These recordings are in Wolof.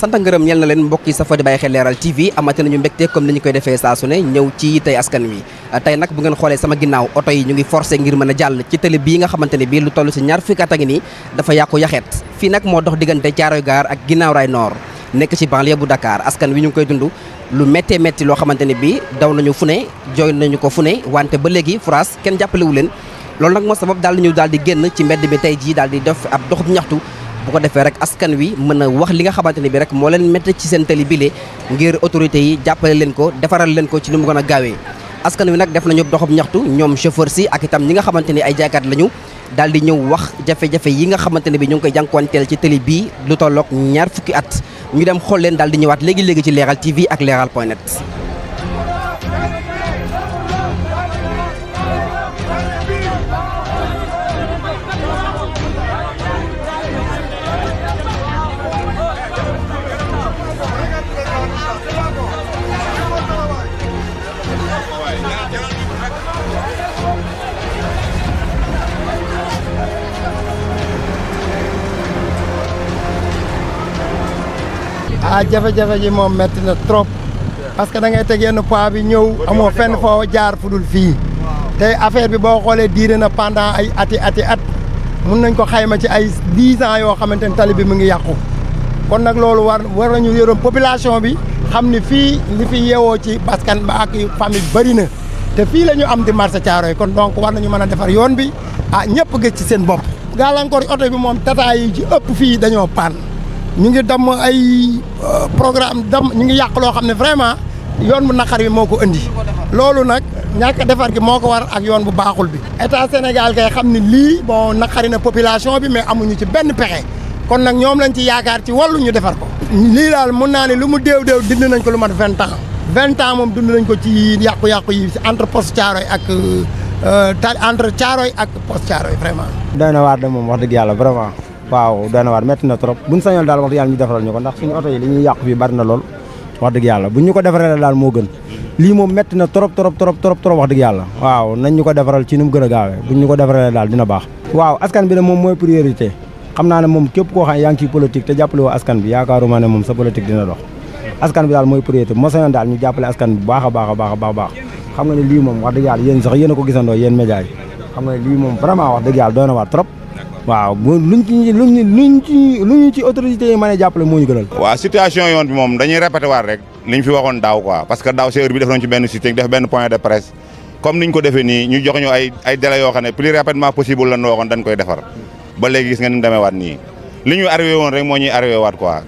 sant ngërëm ñel na leen mbokk yi safoo di bàyyi xel leeral TV amati nañu mbégte comme ni ñu koy defee saa su ñëw ci tey askan wi tey nag bu ngeen xoolee sama ginnaaw oto yi ñu ngi forcé ngir mën a jàll ci télé bii nga xamante ne bii lu toll si ñaar fukki a ngi nii dafa yàqu yaxeet fii nag moo dox diggante Thiaroye Gare ak Guinaw Rail Nord nekk ci banlieue bu Dakar askan wi ñu ngi koy dund lu méttee métti loo xamante ne bii daw nañu fu ne jooy nañu ko fu ne wante ba léegi France kenn jàppalewu leen loolu nag moo sabab daal ñu daal di génn ci mbedd mi tey jii daal di def ab doxub ñaxtu bu ko defee rek askan wi mën na wax li nga xamante ni bi rek moo leen métti ci seen tali bile ngir autorités yi jàppale leen ko defaral leen ko ci ni mu gën a gaawee askan wi nag def nañu doxub ñaxtu ñoom chauffeur si ak itam ñi nga xamante ni ay jaaykat lañu daal di ñëw wax jafe-jafe yi nga xamante ne bi ñu ngi koy jànkuwanteel ci tali bii lu tolloog ñaar fukki at ñu dem xool leen daal di ñëwaat léegi-léegi ci Leral TV ak Leral point net ah jafe-jafe ji moom metti na trop parce que da ngay teg yenn poids bi ñëw amoo fenn foo jaar fudul fii te affaire bi boo xoolee diire na pendant ay ati ati at mun nañ ko xayma ci ay dix ans yoo xamante ni bi mu ngi yàqu kon nag loolu war war nañu yërëm population bi xam ni fii li fi yeewoo ci baskan ba ak famille bëri na te fii la ñu am di marché yi kon donc war nañu mën a defar yoon bi ah ñëpp gis ci seen bopp gàllankoor oto bi moom tata yi ci ëpp fii dañoo paan ñu ngi damm ay euh, programme dam ñu ngi yàq loo xam ne vraiment yoon bu naqari moo ko indi loolu nag ñàkk defar gi moo ko war ak yoon bu baaxul bi état Sénégal kay xam ne lii bon naqari na population bi mais amuñu ci benn pexe kon nag ñoom lañ ci yaakaar ci wàllu ñu defar ko lii daal mun naa ne lu mu déew déew dindi nañ ko lu mat vingt ans vingt ans moom dund nañ ko ci yàqu-yàqu yi entre poste Thiaroye ak euh, entre Thiaroye ak poste Thiaroye vraiment doy na waar de moom wax dëgg yàlla vraiment waaw dana waar métti na trop buñ sañoon daal wax dëgg yàlla ñu defaral ñu ko ndax suñu oto yi li ñuy yàqu fii bari na lool wax dëgg yàlla buñ ñu ko defaral daal moo gën lii moom métti na trop trop trop trop trop wax dëgg waaw nañ ñu ko defaral ci nu mu gën a gaawee buñ ñu ko defaral daal dina baax waaw askan bi de moom mooy priorité xam naa ne moom képp koo xam ne yaa ngi ciy politique te jàppale woo askan bi yaakaaruma ne moom sa politique dina dox askan bi a baax a baax a baax xam nga ne lii moom wax dëgg yàlla yéen a ko gisandoo yéen média yi xam yàlla doy na trop waaw luñ ci luñ luñ ci luñ ci autorité yi moo ñu gënal. waaw situation yoon bi moom dañuy répété waat rek liñ fi waxoon daaw quoi parce que daaw heure bi def nañ ci benn sitting def benn point de presse comme niñ ko defee nii ñu jox ay ay plus rapidement possible lañ waxoon dañ koy defar ba léegi gis nga ni waat nii li ñu arrivé woon rek moo ñuy arrivé waat quoi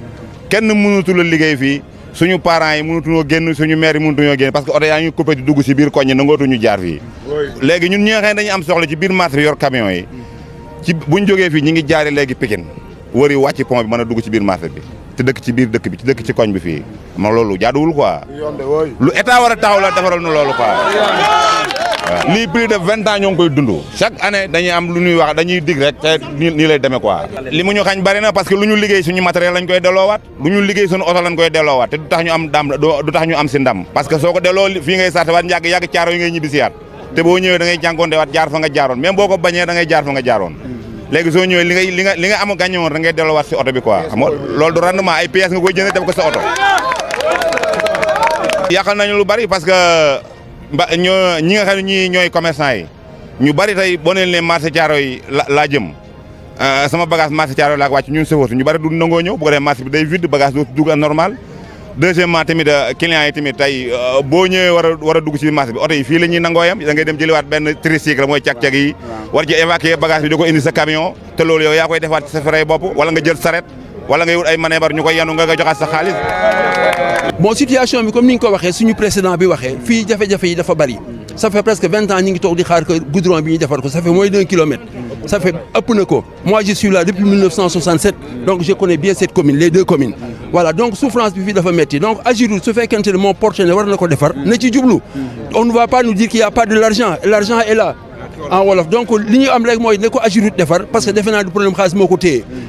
kenn mënatul a liggéey fii suñu parents yi mënatuñoo génn suñu maire yi mënatuñoo génn parce que oto yaa ngi coupé di dugg si biir koñ yi ci biir marché bi yor yi ci buñ jógee fii ñi ngi jaare léegi Pikine wëri wàcc pont bi mën a dugg ci biir marché bi te dëkk ci biir dëkk bi ci dëkk ci koñ bi fii ma loolu jaaduwul quoi lu état war a taxaw la defaral nu loolu quoi waaw lii de vingt ans ñoo koy dund chaque année dañuy am lu ñuy wax dañuy dig rek te nii lay demee quoi li mu ñu xañ bari na parce que lu ñu liggéey suñu matériel lañ koy delloowaat lu ñu liggéey suñu oto lañ koy delloowaat te du tax ñu am ndam du tax ñu am si ndam parce que soo te boo ñëwee dangay ngay jànkoonte waat jaar fa nga jaaroon même boo ko bañee da ngay jaar fa nga jaaroon léegi soo ñëwee li ngay li nga li nga am gàññe woon da ngay delluwaat si oto bi quoi xam loolu du rendement ay pièces nga koy jënd def ko sa oto yàqal nañu lu bari parce que mba ñoo ñi nga xam ne ñii ñooy commerçant yi ñu bari tey boo nee leen marché caaro yi la laa jëm euh, sama bagage marché caaro laa ko wàcc ñun sëfootu ñu bari du nangoo ñëw bu normal deuxièmement tamit euh, clients yi tamit tey euh, boo ñëwee war a war a dugg ci marché bi oto yi fii la ñuy nangoo yam da ngay dem jëliwaat benn tricycle mooy cag-cag yi war ci évacuer bagage bi di ko indi sa camion te loolu yow yaa koy defaat ci sa frais bopp wala nga jël saret wala ngay wut ay manebar ñu koy yanu nga nga joxaat sa xaalis bon situation bi comme ni ñu ko waxee suñu précédent bi waxee fii jafe-jafe yi dafa bari ça fait presque vingt ans ñu ngi toog voilà donc souffrance bi fii dafa metti donc Agirut su fekkente ne moom porte ne war ko defar na ci jublu on va pas nous dire a pas de l'argent l'argent est là en wolof donc li ñu am rek mooy ne ko Agirut defar parce que defe naa du problème xaalis moo ko téye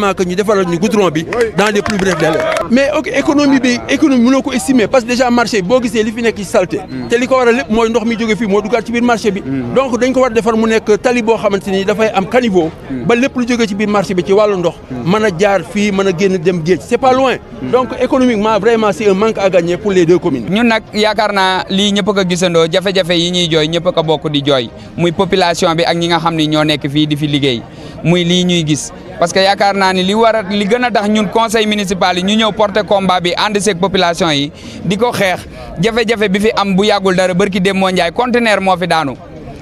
vraiment que ñu defaral ñu goudron bi dans les plus brefs délais mais ok économie bi économie mënoo ko estimer parce que déjà marché bi boo gisee li fi nekk ci saleté te li ko waral lépp mooy ndox mi jóge fii moo duggaat ci biir marché bi donc dañ ko war defar mu nekk tali boo dafay am caniveau ba lépp lu jóge ci biir marché bi ci wàllu ndox mën a jaar fii mën a génn dem géej c'est pas loin donc économiquement vraiment c'est un manque à gagner pour les deux communes ñëpp ko gisandoo jafe-jafe yi ñuy bi ak ñi nga xam ne ñoo nekk fii di fi liggéey parce que yaakaar naa ni li war li gën a tax ñun conseil municipal yi ñu ñëw porter combat bi ànd seeg population yi di ko xeex jafe-jafe bi fi am bu yàggul dara barki dem moo njaay conteneur moo fi daanu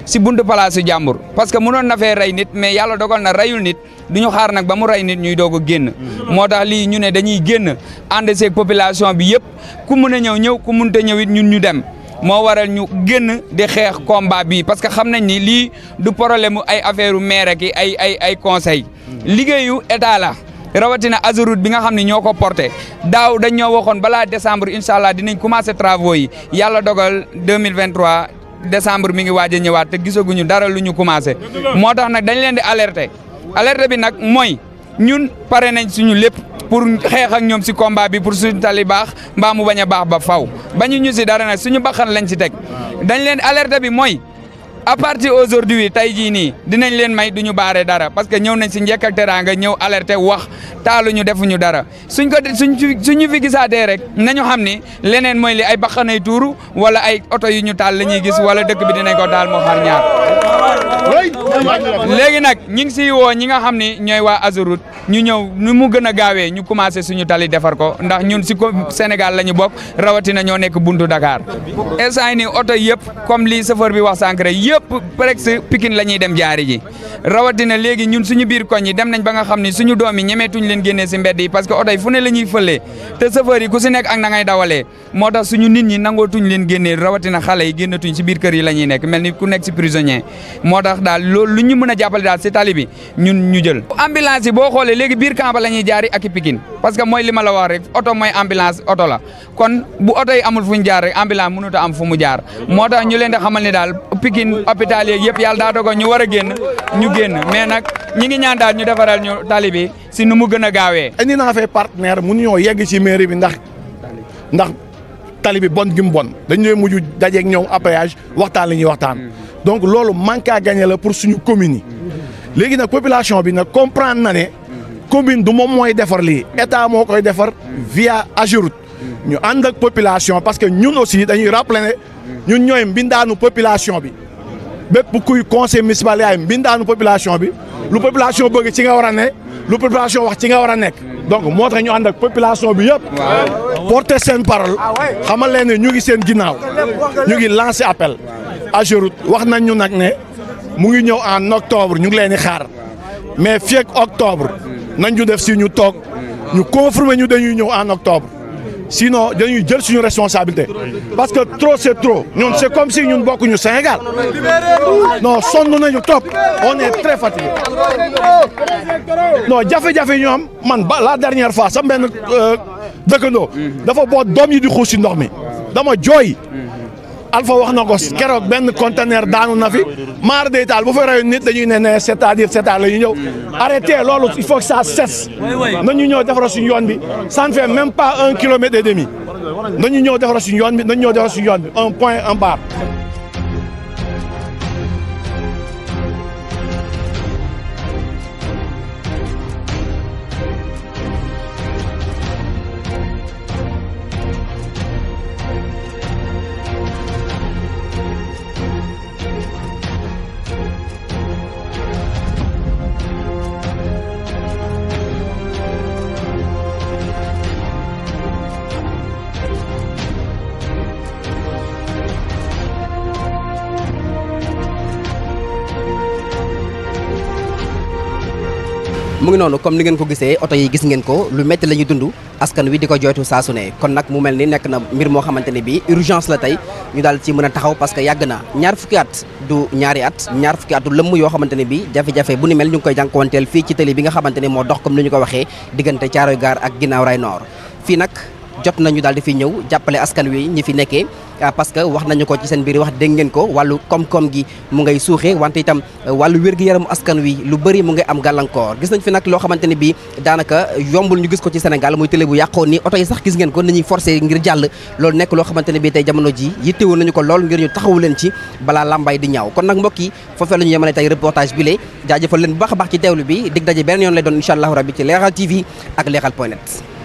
si buntu palaasu jàmbur parce que munoon na fee rey nit mais yàlla dogal na reyul nit du ñu xaar nag ba mu rey nit ñuy doog génn moo tax lii ñu ne dañuy génn ànd seeg population bi yëpp ku mun a ñëw ñëw ku munta ñëw it ñun ñu dem moo waral ñu génn di xeex combat bi parce que xam nañ ni lii du problème ay affaire maire ki ay ay ay conseil liggéeyu état la rawatina Azurut bi nga xam ne ñoo ko porté daaw dañ ñoo waxoon balaa décembre incha allah dinañ commencé travaux yi yàlla dogal 2023 décembre mi ngi waaj a ñëwaat te gisaguñu dara lu ñu commencé. moo tax nag dañ leen di alerter alerte bi nag mooy ñun pare nañ suñu lépp. pour xeex ak ñoom si combat bi pour suñu tali baax mbaa mu bañ a baax ba faw bañu ñu si dara nag suñu baxan lañ si teg dañ leen alerte bi mooy à partir aujourd'hui tey jii nii dinañ leen may du baare dara parce que ñëw nañ si njëkk ak teraanga ñëw alerté wax taaluñu defuñu dara suñ ko suñ suñu fi gisaatee rek nañu xam ni leneen mooy li ay baxanay tuuru wala ay oto yu ñu taal la ñuy gis wala dëkk bi dinañ ko taal moo xar ñaar léegi nag ñi ngi siy woo ñi nga xam ni ñooy waa Azurut ñu ñëw nu mu gën a gaawee ñu commencé suñu tali defar ko ndax ñun si ko Sénégal la ñu bokk rawatina ñoo nekk buntu Dakar instant ni oto yëpp comme bi wax sànq ñëpp presque Pikine la ñuy dem jaari ji rawatina léegi ñun suñu biir koñ yi dem nañ ba xam ni suñu doom yi ñemeetuñ leen génnee si parce que oto yi fu ne la ñuy fëlee te chauffeur yi ku si nekk ak na ngay moo tax suñu nit ñi nangootuñ leen génnee rawatina xale yi génnatuñ si biir kër yi nekk mel ni ku nekk si prisonnier moo tax daal lu ñu mën a jàppale daal si tali bi ñun ñu jël ambulance boo xoolee léegi biir camp ba la ñuy jaari ak i Pikine parce que mooy li ma la wax rek oto mooy jaar rek ambulance mënut am fu mu jaar moo hôpital yeeg yëpp yàlla daa dogoon ñu war a génn ñu génn mais nag ñi ngi ñaan daal ñu defaral ñu tali bi si nu mu gën a gaawee. indi naa fa fay partenaire mun ñoo yegg ci mairie bi ndax ndax tali bi bon gi mu bon dañu leen mujj dajeeg ñoom appareillage waxtaan li ñuy waxtaan mm-hmm. donc loolu manque à gagner la pour suñu commune yi mm-hmm. léegi nag population bi nag comprendre na ne mm-hmm. commune du moom mooy defar lii état moo koy defar via Ageroute ñu ànd ak population parce que ñun aussi dañuy rappeler ne ñun ñooy mbindaanu population bi bépp kuy conseil municipal yaay mbindaanu population bi lu population bëgg ci nga war a ne lu population wax ci nga war a nekk donc moo tax ñu ànd ak population bi yëpp porter seen parole xamal leen ne ñu ngi seen ginnaaw ñu ngi lancé appel Ageroute wax nañ nag ne mu ngi ñëw en octobre ñu ngi leen di xaar mais fii ak octobre nañ ñu def si ñu toog ñu confirmer ñu de dañuy ñëw en octobre sinon dañuy jël suñu responsabilité parce que trop c'est trop ñun c'est comme si ñun bokkuñu Sénégal non sonn nañu trop on est très fatigué non jafe-jafe yi ñu man la dernière fois sa benn euh, dëkkandoo dafa boot doom yi di xuus si ndox mi dama jooy alfa wax na ko keroog benn conteneur daanu na fi maar day taal bu fa reyoon nit dañuy ne ne c'est-à-dire c'est la ñu ñëw arrêté loolu il faut que ça cesse nañu ñëw defara suñu yoon bi ça ne fait même pas un kilomètre et demi nañu ñëw defara suñu yoon bi nañu ñëw defara suñu yoon bi un point un bar mu ngi noonu comme ni ngeen ko gisee oto yi gis ngeen ko lu métti la ñuy dund askan wi di ko joytu saa su ne kon nag mu mel ni nekk na mbir moo xamante ne bii urgence la tey ñu daal ci mën a taxaw parce que yàgg na ñaar fukki at du ñaari at ñaar fukki at du yoo xamante ne bii jafe-jafe bu ni mel ñu ngi koy jànkuwanteel fii ci tali bi nga xamante ne moo dox comme ni ñu ko waxee diggante Caaroy Gaar ak Ginnaaw Rail Nord fii nag jot nañu daal di fi ñëw jàppale askan wi ñi fi nekkee Euh, parce que wax nañu ko ci seen biir wax dégg ngeen ko wàllu koom-koom gi mu ngay suuxee wante itam euh, wàllu wér gu yaram askan wi lu bari mu ngay am gàllankoor gis nañ fi nag loo xamante ne bii daanaka yombul ñu gis ko ci Sénégal muy télé bu yàqoo ni oto yi sax gis ngeen ko nañuy forcé ngir jàll loolu nekk loo xamante ne bii tey jamono ji yittewoon nañu ko lool ngir ñu taxawu leen ci balaa lambay di ñaaw kon nag mbokk yi foofee la ñu yemale tey reportage bi lée jaajëfal leen bu baax a baax ci teewlu bi dig daje beneen yoon lay doon incha allahu rabbi ci Leral TV ak Leral point net